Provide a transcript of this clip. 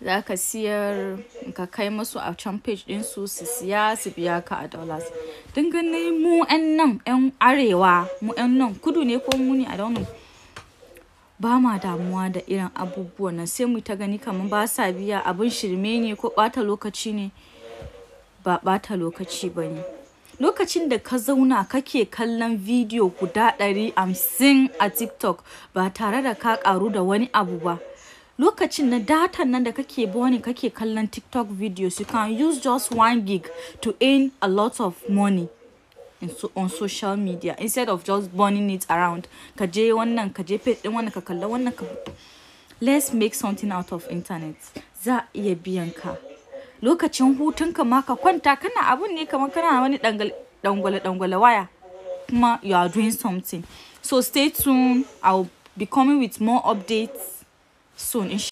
za ka siyar ka kai musu a can page din su su siya su biya ka a dollars din gani mu 'yan nan 'yan arewa mu 'yan nan kudu ne ko muni a daunin ba ma damuwa da irin abubuwan nan sai mu ta gani kamar ba sa biya abin shirme ne ko ɓata lokaci ne ba ɓata lokaci ba ne lokacin da ka zauna kake kallon video guda ɗari hamsin a tiktok ba tare da ka ƙaru da wani abu ba lokacin na datan nan da kake boni kake kallon tiktok videos you can use just one gig to earn a lot of money And so, on social media instead of just burning it around ka wannan ka je wannan ka kalla wannan ka let's make something out of internet za a iya biyan ka lokacin hutunka ma ka kwanta kana abun ne kamar kana wani dangwale dangwale waya kuma you are doing something so stay tuned i'll be coming with more updates 苏宁。